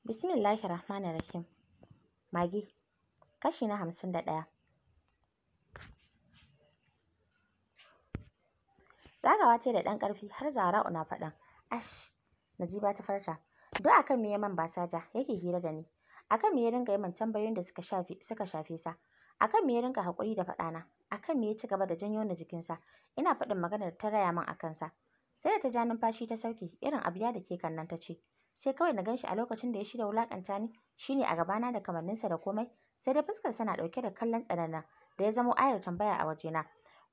Bismillahi Rahmani Rahim. Magi, kashi na hamsin da ɗaya. Tsagawa ce da ɗan ƙarfi har zara, una faɗan. Ash, Najiba ta farta. Duk akan me man basaja yake hira da ni. Akan me ya rinka yaman tambayoyin da suka shafe sa. Akan me ya rinka haƙuri da na Akan me ya ci gaba da janyo na jikinsa. Ina faɗin maganar ta raya min akan sa. Sai da ta ja numfashi ta sauke irin abu ya da ke kan nan ta ce. sai kawai na ganshi a lokacin da ya shirya wulakanta ni shine a gabana da kamanninsa da komai sai dai fuskarsa na ɗauke da kallon tsanana da ya zama ayar tambaya a wajena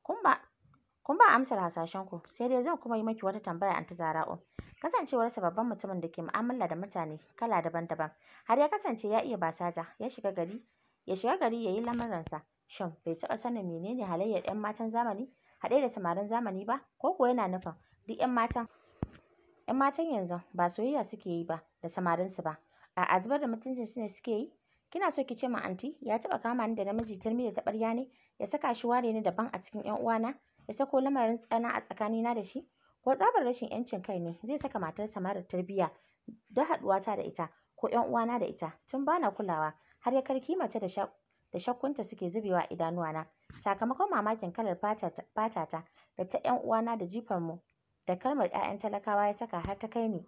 kun ba kun ba amsar hasashen ku sai dai zan kuma yi miki wata tambaya anti Zara'u kasancewarsa babban mutumin da ke mu'amala da mutane kala daban-daban har ya kasance ya iya basaja ya shiga gari ya shiga gari lamarin lamuransa shin bai taɓa sanin menene halayyar 'yan matan zamani haɗe da samarin zamani ba ko kuwa yana nufin duk 'yan matan ‘Yan matan yanzu ba soyayya suke yi ba da samarin su ba, a'a zubar da mutuncin su ne suke yi. Kina so ki ce ma anti ya taba kama ni da namiji tarmi da taɓarya ne ya saka shi ware ni daban a cikin ‘yan uwana ya sako lamarin tsana a tsakanina da shi? Ko tsabar rashin ‘yancin kai ne zai saka matarsa marar tarbiyya da haɗuwata da ita ko ‘yan uwana da ita tun bana kulawa har ya karki mace da da shakkunta suke zubewa a idanuwana sakamakon mamakin kalar fatata da ta ‘yan uwana da mu. da kalmar 'ya'yan talakawa ya saka har ta kai ni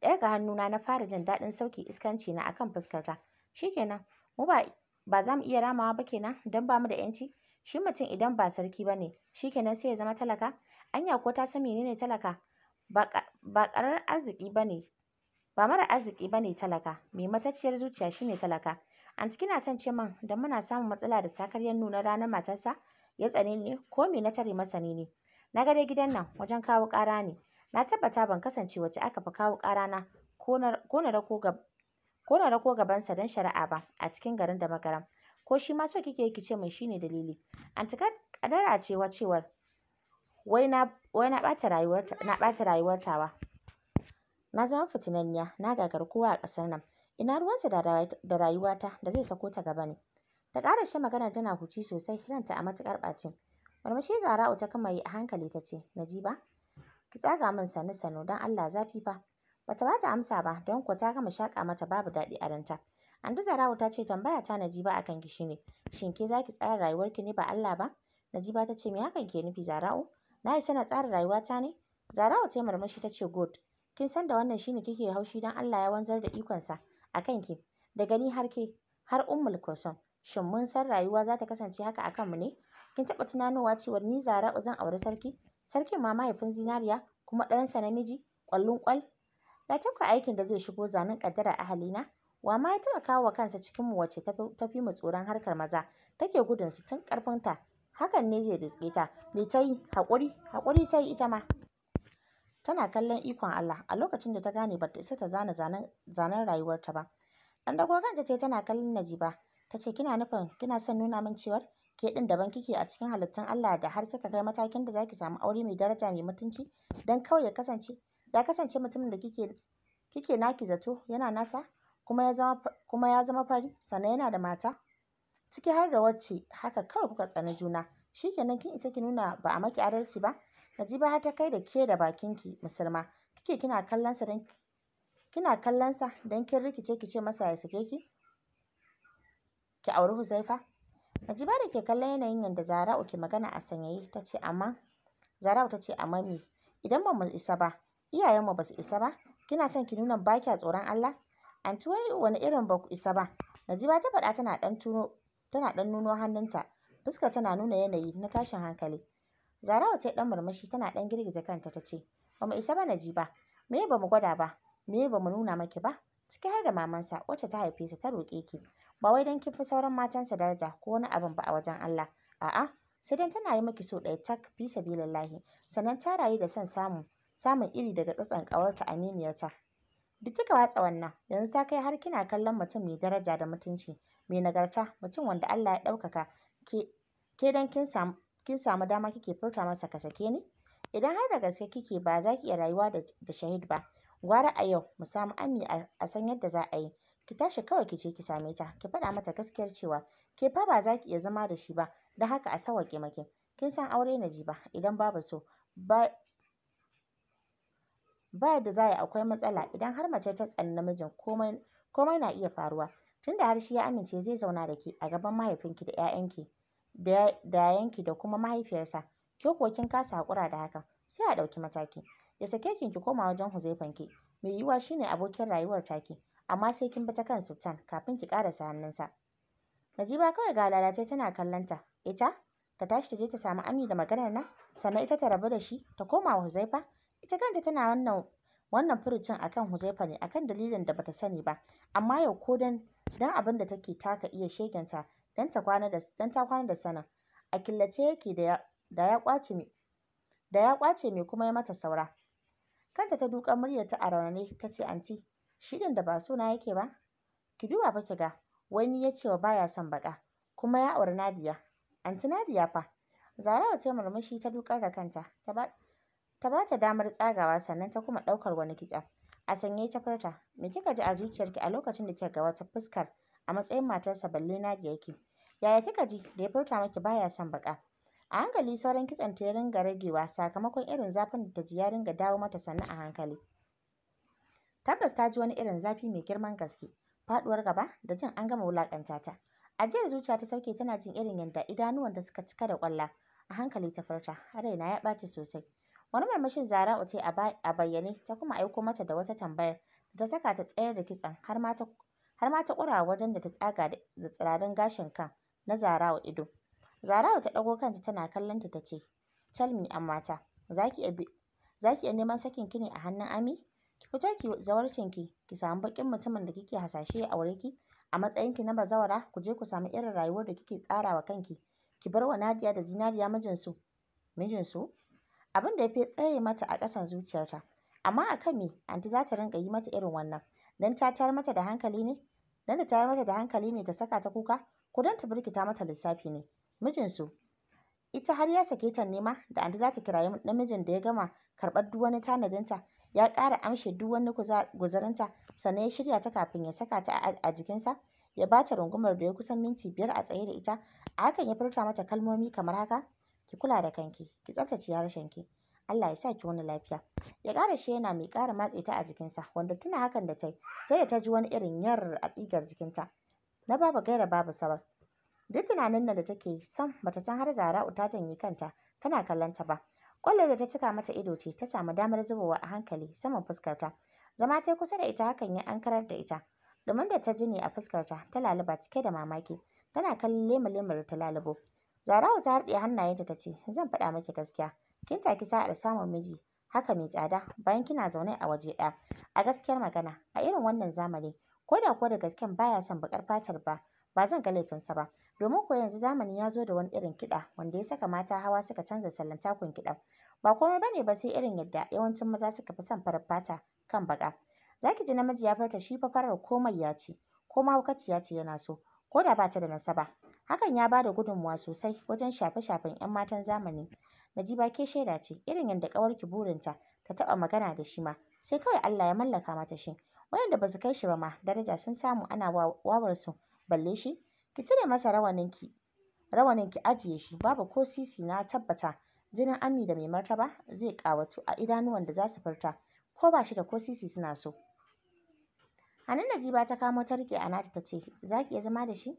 ɗaya ga hannuna na fara jin daɗin sauki iskanci na akan fuskarta shikenan mu ba ba za mu iya ramawa ba kenan don ba mu da yanci shi mutum idan ba sarki ba ne shikenan sai ya zama talaka anya ko ta san menene talaka ba ƙarar arziki ba ne ba mara arziki ba ne talaka mai matacciyar zuciya shine talaka anti kina son ce min don muna samun matsala da sakar 'yan nuna ranar matarsa ya tsane ne ko me na tare masa ne ne Na ga dai gidan nan wajen kawo ƙara ne. Na tabbata ban kasance wacce aka fi kawo ƙara na ko na rako gabansa don shari'a ba a cikin garin da magaram. Ko shi ma so kike yi ce min shi ne dalili. Anti kadara ce wa cewar wai na ɓata rayuwar tawa. Na zama fitinanniya, na gagari kowa a ƙasar nan. Ina ruwansa da rayuwata da zai sako ta gaba ne. Ta ƙara shi maganar tana huci sosai, ranta a matuƙar ɓacin. Murmushi Zara'u ta kama yi a hankali ta ce, Najiba, ki tsaga min sannu sannu don Allah zafi fa. Bata ba ta amsa ba don kuwa ta gama shaƙa mata babu daɗi a ranta. Andi Zara'u ta ce tambaya ta Najiba akan ki ne. shin ke za ki tsara ki ne ba Allah ba? Najiba ta ce me hakan ke nufi Zara'u? Na yi na tsara rayuwata ne? Zara'u ta yi murmushi ta ce good. Kin san da wannan shine kike haushi don Allah ya wanzar da ikonsa a kanki. Da gani har ke har ummul Shin mun san rayuwa za ta kasance haka a kanmu ne? kin taɓa tunanowa cewar ni Zara'u zan auri sarki sarkin ma mahaifin zinariya kuma ɗansa namiji ƙwallon ƙwal ya tafka aikin da zai shigo zanen ƙaddara a halina wa ma ya taɓa kawo wa kansa cikin mu wacce ta fi mu tsoron harkar maza take gudun su tun ƙarfinta hakan ne zai riske ta me ta yi haƙuri haƙuri ta yi ita ma tana kallon ikon Allah a lokacin da ta gane ba ta isa ta zana zanen rayuwarta ba dan kan ta ce tana kallon Najiba tace kina nufin kina son nuna min cewar ke ɗin daban kike a cikin halittun Allah da har kika kai matakin da zaki samu aure mai daraja mai mutunci dan kawai ya kasance ya kasance mutumin da kike kike naki zato yana nasa kuma ya zama kuma ya zama fari sannan yana da mata ciki har da wacce haka kawai kuka tsani juna shikenan kin isa ki nuna ba a maki adalci ba Najiba har ta kai da ke da ki musulma kike kina kallon sa dan kina kallon sa dan kin rikice kice masa ya sake ki ki auri Huzaifa Najiba da ke kallon yanayin yadda Zara'u ke magana a sanyaye ta ce amma, Zara'u ta ce amma me? Idan ba mu isa ba, iyayenmu ba su isa ba, kina son ki nuna ba kya tsoron Allah? anti wai wani irin ba ku isa ba? Najiba ta faɗa tana ɗan tuno tana ɗan nuno hannunta, fuskar tana nuna yanayi na tashin hankali. Zara'u ta yi ɗan murmushi tana ɗan girgiza kanta ta ce, ba mu isa ba Najiba, meye ba mu gwada ba, Me ba mu nuna maki ba? ciki har da mamansa wacce ta haife sa ta roƙe ki ba wai don kin fi sauran matansa daraja ko wani abin ba a wajen Allah a'a sai dan tana yi maki so ɗaya tak fi sabilillahi sannan ta rayu da son samu samun iri daga tsatson ƙawarta aminiyarta duk kika watsa wannan yanzu ta kai har kina kallon mutum mai daraja da mutunci mai nagarta mutum wanda Allah ya ɗaukaka ke ke dan kin samu kin samu dama kike furta masa ka sake ni idan har da gaske kike ba za ki iya rayuwa da shahid ba Gwara a yau mu samu Ami a san yadda za a yi. Ki tashi kawai ki je ki same ta ki faɗa mata gaskiyar cewa ke fa ba za ki iya zama da shi ba don haka a sawaƙe maki. Kin san aure na ji ba, idan babu so ba ba yadda za a yi akwai matsala idan har mace ta tsani namijin komai komai na iya faruwa. Tunda har shi ya amince zai zauna da ki a gaban mahaifinki da 'ya'yanki da da yayanki da kuma mahaifiyarsa ke kuwa kin kasa haƙura da hakan, sai a ɗauki mataki. ya sake kin ki koma wajen Huzaifan ki mai yiwa shine abokin rayuwar taki amma sai kin bata kan Sultan kafin ki karasa hannunsa Najiba kawai ga lalace tana kallanta ita ta tashi ta je ta samu Ami da maganar nan sannan ita ta rabu da shi ta koma wa Huzaifa ita kanta tana wannan wannan furucin akan Huzaifa ne akan dalilin da bata sani ba amma yau ko dan dan abin da take taka iya sheganta dan ta kwana da dan ta kwana da sanin a killace yake da ya da kwace mai da ya kwace mai kuma ya mata saura Kanta ta duƙa muryar ta a raunane ta ce anti shi din da ba suna yake ba? Ki duba fa ki ga Wani ya ce wa baya son baka. kuma ya auri Nadia. Anti Nadia fa? Zarawa ta murmushi ta duƙar da kanta ta ba ta ba ta damar tsagawa sannan ta kuma ɗaukar wani kitsa A sanye ta furta, me kika ji a zuciyarki a lokacin da kika ga wata fuskar a matsayin matarsa balle Nadia yake? Yaya kika ji da ya furta miki baya son baka? A hankali sauran ta ya ringa ragewa sakamakon irin zafin da ta ji ya ringa dawo mata sannu a hankali. Tabbas ta ji wani irin zafi mai girman gaske, faɗuwar gaba da jin an gama wulaƙanta ta. Ajiyar zuciya ta sauke tana jin irin yadda da suka cika da ƙwalla. A hankali ta furta, raina ya ɓaci sosai. Wani murmushin zara ta yi a bayyane ta kuma aiko mata da wata tambayar da ta saka ta tsayar da kitson har ma ta ƙura wajen da ta tsaga da tsirarin gashin kan na wa ido. Zarawa ta ɗago kanta tana kallon ta ce, Tell me mata za ki iya neman sakin ki ne a hannun Ami? Ki fita ki zawarcin ki, ki samu baƙin mutumin da kike hasashe a aure ki, a matsayin ki na bazawara ku je ku samu irin rayuwar da kike tsara wa kanki, ki bar wa Nadiya da Zinariya mijinsu. Mijinsu? Abin da ya fi tsaye mata a ƙasan zuciyarta. Amma a kan me anti za ta rinƙa yi mata irin wannan? Don ta tayar mata da hankali ne? Don ta tayar mata da hankali ne ta saka ta kuka? Ko don ta birkita mata lissafi ne? mijinsu ita har ya sake ta nema da anti za ta kirayi namijin da ya gama karɓar duk wani tanadinta ya ƙara amshe duk wani guzarinta sannan ya shirya ta kafin ya saka ta a jikinsa ya ba ta rungumar da ya kusan minti biyar a tsaye da ita a hakan ya furta mata kalmomi kamar haka ki kula da kanki ki tsaftace harshenki Allah ya sa ki wani lafiya ya ƙara shi yana mai ƙara matse ta a jikinsa wanda tuna hakan da ta yi sai da ta ji wani irin yar a tsigar jikinta na babu gaira babu sabar Duk tunanin nan da take ba bata san har Zara'u ta janye kanta tana kallon ta ba. Kwallon da ta cika mata ido ce ta samu damar zubowa a hankali saman fuskarta. Zama ta kusa da ita hakan ya ankarar da ita. Domin da ta ji ne a fuskarta ta laluba cike da mamaki. Tana kallon lemu da ta lalubo. Zara'u ta harɗe hannayenta ta ce, Zan faɗa maki gaskiya. Kin taki da samun miji, haka mai tsada, bayan kina zaune a waje ɗaya. A gaskiyar magana, a irin wannan zamani, ko da ko da gasken baya son baƙar fatar ba, ba zan ga laifinsa ba. Domin ko yanzu zamani ya zo da wani irin kiɗa wanda ya saka mata hawa suka canza sallan takun kiɗan. Ba komai bane ba sai irin yadda yawancin maza suka fi son farar fata kan baƙa. zaki ji namiji ya furta shi fa farar ko ya ce ko ya ce yana so ko da bata da nasaba. Hakan ya bada da sosai wajen shafe-shafen 'yan matan zamani. Najiba ke shaida ce irin yadda ƙawarki burinta ta taɓa magana da shi ma sai kawai Allah ya mallaka mata shi. Waɗanda ba su kai shi ba ma daraja sun samu ana wawarsu balle shi ki cire masa rawaninki rawanin ki ajiye shi babu ko sisi na tabbata jinin ami da mai martaba zai kawatu a idanuwan da za su furta ko ba shi da ko sisi suna so hannun najiba ta kamo ta rike a nata ta ce za ki iya zama da shi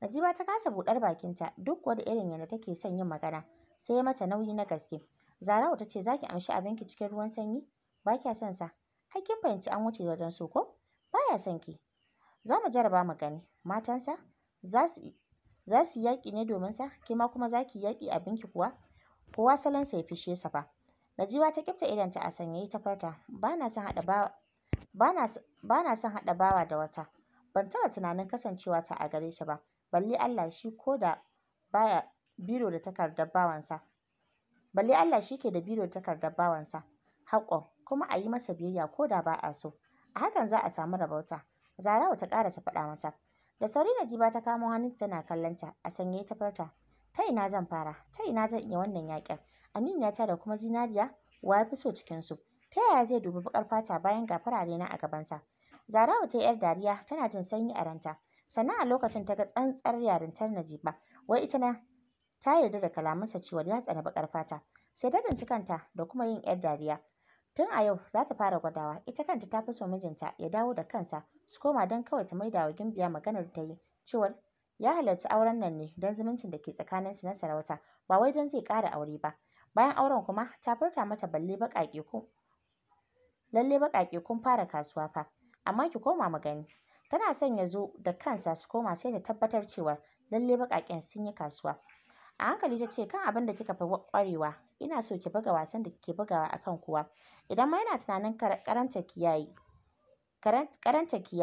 najiba ta kasa buɗar bakinta duk wani irin yana take son yin magana sai ya mata nauyi na gaske zarawa ta ce za ki amshi ki cikin ruwan sanyi ba kya son sa har kin fahimci an wuce wajen so ko baya son ki za mu jaraba mu gani matansa Za su yi yaƙi ne domin sa? ma kuma za ki yi yaƙi abinki kuwa? Kowa salon sa ya fishe sa fa. Najiba ta ƙyifta ta a yi ta farta. Ba na son haɗa bawa da wata. Ban taɓa tunanin kasancewa ta a gare shi ba, balle Allah shi biro da takardar Balle Allah ke da biro da takardar bawansa. Haƙon, kuma a yi masa biyayya ko da ba a so. A hakan za a samu rabauta. Zarawa ta ƙarasa faɗa mata. Da sauri Najiba ta kamo hannunta tana ta a sanye ta farta. Ta ina zan fara? Ta ina zan iya wannan yaƙin? Aminiyata da kuma Zinariya, wa ya fi so cikinsu? Ta yaya zai dubi baƙar fata bayan ga farare na a gabansa? Zarawa ta 'yar dariya tana jin sanyi a ranta. Sannan a lokacin ta ga tsantsar yarintar Najiba, wai ita na ta yarda da kalamansa cewa ya tsani baƙar fata. Sai ta tsinci kanta da kuma yin 'yar dariya. Tun a yau za ta fara gwadawa, ita kanta ta fi so mijinta ya dawo da kansa su koma don kawai ta maida wa Gimbiya maganar da ta yi cewar ya halarci auren nan ne don zumuncin da ke tsakaninsu na sarauta ba wai don zai ƙara aure ba. Bayan auren kuma ta furta mata balle baƙaƙe lalle baƙaƙe kun fara kasuwa fa amma ki koma mu gani. Tana son ya zo da kansa su koma sai ta tabbatar cewa lalle baƙaƙen sun yi kasuwa. A hankali ta ce kan abin da kika fi ƙwarewa ina so ki buga wasan da kike bugawa akan kowa idan ma yana tunanin karanta ki yayi Karanta ki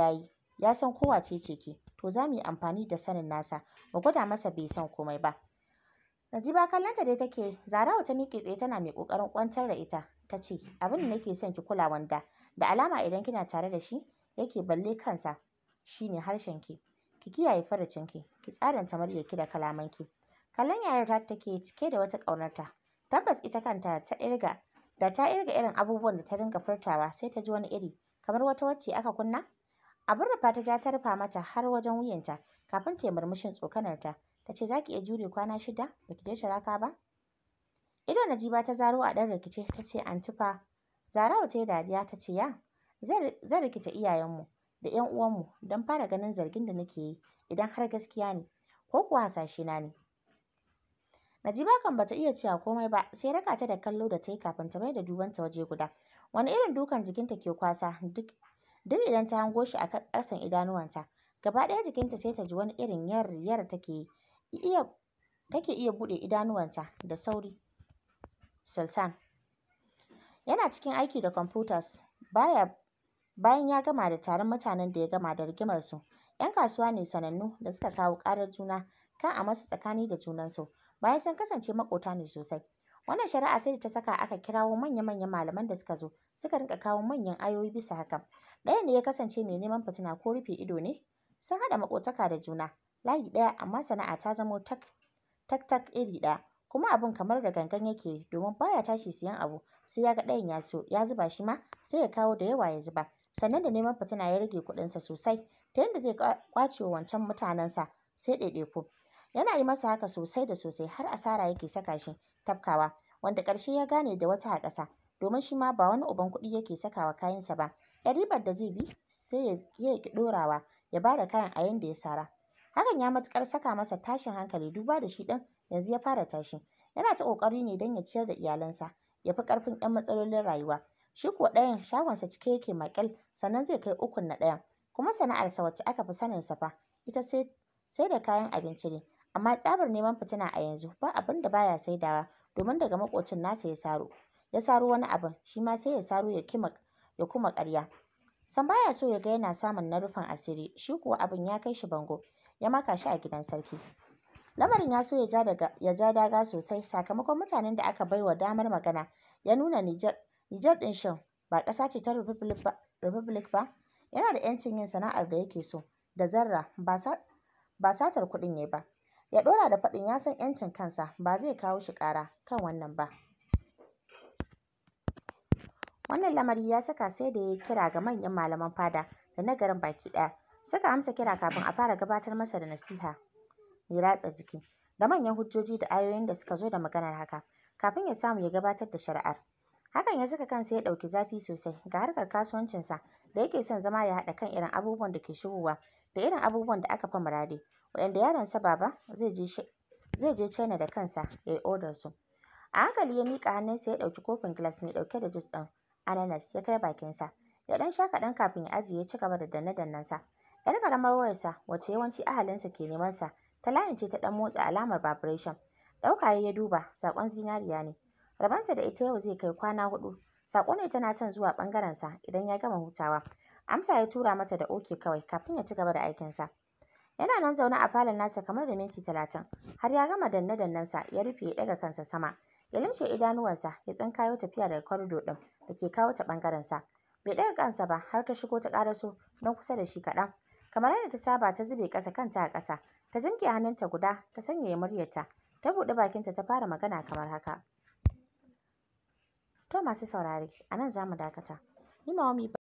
ya san ko wace ce ke, to za mu yi amfani da sanin nasa mu gwada masa bai san komai ba. Najiba kallonta dai take Zarawa ta miƙe tsaye tana mai ƙoƙarin kwantar da ita ta ce abin da nake son ki kula wanda da alama idan kina tare da shi yake balle kansa shine harshen Ki Ki kiyaye farcin ki ki tsadanta ki da kalamanki. Kallon yayar ta take cike da wata ƙaunarta. Tabbas ita kanta ta irga da ta irga irin abubuwan da ta dinga furtawa sai ta ji wani iri kamar wata wacce aka kunna abin rufa ta ja ta rufa mata har wajen wuyanta kafin ta yi murmushin tsokanar ta ce za ki iya jure kwana shida ba ki je taraka ba ido najiba ta zaro a ɗan rikice tace anti fa zarawa ta yi dariya ta ce ya zan rikita iyayenmu da yan uwanmu don fara ganin zargin da nake yi idan har gaskiya ne ko kuwa hasashe na ne Najiba kan bata iya cewa komai ba sai raka ta da kallo da ta yi kafin ta mai da dubanta waje guda Wani irin dukan jikinta ke kwasa duk duk idan ta hango shi a ƙasan idanuwanta. Gaba ɗaya jikinta sai ta ji wani irin yar yar take Iya take iya buɗe idanuwanta da sauri. Sultan yana cikin aiki da computers baya bayan ya gama da taron mutanen da ya gama da rigimar su. ‘Yan kasuwa ne sanannu da suka kawo ƙarar juna kan a masu tsakani da junansu. Bayan sun kasance maƙota ne sosai. Wannan shari'a sai da ta saka aka kirawo manya-manyan malaman da suka zo suka rinka kawo manyan ayoyi bisa hakan. ɗaya ne ya kasance mai neman fitina ko rufe ido ne? Sun haɗa makotaka da juna, layi ɗaya amma sana'a ta zamo tak tak tak iri ɗaya. Kuma abin kamar da gangan yake domin baya tashi siyan abu sai ya ga ɗayan ya so ya zuba shi ma sai ya kawo da yawa ya zuba. Sannan da neman fitina ya rage kuɗinsa sosai ta yadda zai ƙwace wa wancan mutanensa sai ɗaiɗaiku. Yana yi masa haka sosai da sosai har asara yake saka shi tafkawa wanda ƙarshe ya gane da wata a ƙasa domin shi ma ba wani uban kuɗi yake sakawa kayansa ba yan ribar da zai bi sai ya yi ɗorawa ya ba da kayan a yanda ya sara hakan ya matuƙar saka masa tashin hankali duba da shi ɗin yanzu ya fara tashi yana ta ƙoƙari ne don ya ciyar da iyalansa ya fi ƙarfin 'yan matsalolin rayuwa shi kuwa ɗayan shagonsa cike yake maƙil sannan zai kai ukun na ɗayan kuma sana'arsa wacce aka fi saninsa fa ita sai da kayan abinci ne amma tsabar neman fitina a yanzu ba abin da baya saidawa domin daga makocin nasa ya saro ya saro wani abin shi ma sai ya saro ya kima ya kuma ƙarya san baya so ya ga yana samun na rufin asiri shi kuwa abin ya kai shi bango ya maka shi a gidan sarki lamarin ya so ya ja daga sosai sakamakon mutanen da aka baiwa damar magana ya nuna Nijar din shan ba ƙasa ce ta Republic ba yana da 'yancin yin sana'ar da yake so da zarra ba satar kuɗin ne ba Ya ɗora da faɗin ya san 'yancin kansa ba zai kawo shi ƙara kan wannan ba. Wannan lamari ya saka sai da ya yi kira ga manyan malaman fada da na garin baki ɗaya. Suka amsa kira kafin a fara gabatar masa da nasiha mai ratsa jiki da manyan hujjoji da ayoyin da suka zo da maganar haka kafin ya samu ya gabatar da shari'ar. Hakan ya saka kansa ya ɗauki zafi sosai ga harkar kasuwancinsa da yake son zama ya haɗa kan irin abubuwan da ke shigowa da irin abubuwan da aka fa murade yaron yaronsa baba zai je zai je China da kansa ya yi odar su. A hankali ya mika hannunsa ya ɗauki kofin glass mai ɗauke da jus ɗin ananas ya kai bakinsa. Ya ɗan sha kaɗan kafin ya ajiye ya ci gaba da danne-dannensa. ‘Yar ƙaramar wayarsa wacce yawanci ahalinsa ke nemansa ta layince ta ɗan motsa alamar vibration. Ɗauka ya duba saƙon zinariya ne. Rabansa da ita yau zai kai kwana huɗu. Saƙo ne tana son zuwa ɓangarensa idan ya gama hutawa. Amsa ya tura mata da oke kawai kafin ya ci gaba da aikinsa. Yana nan zaune a falon nasa kamar da minti talatin. Har ya gama danne-dannensa ya rufe ya ɗaga kansa sama. Ya limshe idanuwansa ya tsinkayo tafiya daga korido ɗin da ke kawo ta ɓangarensa. Bai ɗaga kansa ba har ta shigo ta ƙaraso don kusa da shi kaɗan. Kamar yadda ta saba ta zube ƙasa kanta a ƙasa. Ta jimke hannunta guda ta sanyaya muryarta. Ta buɗe bakinta ta fara magana kamar haka. To masu saurare, a nan za mu dakata. Ni Mawami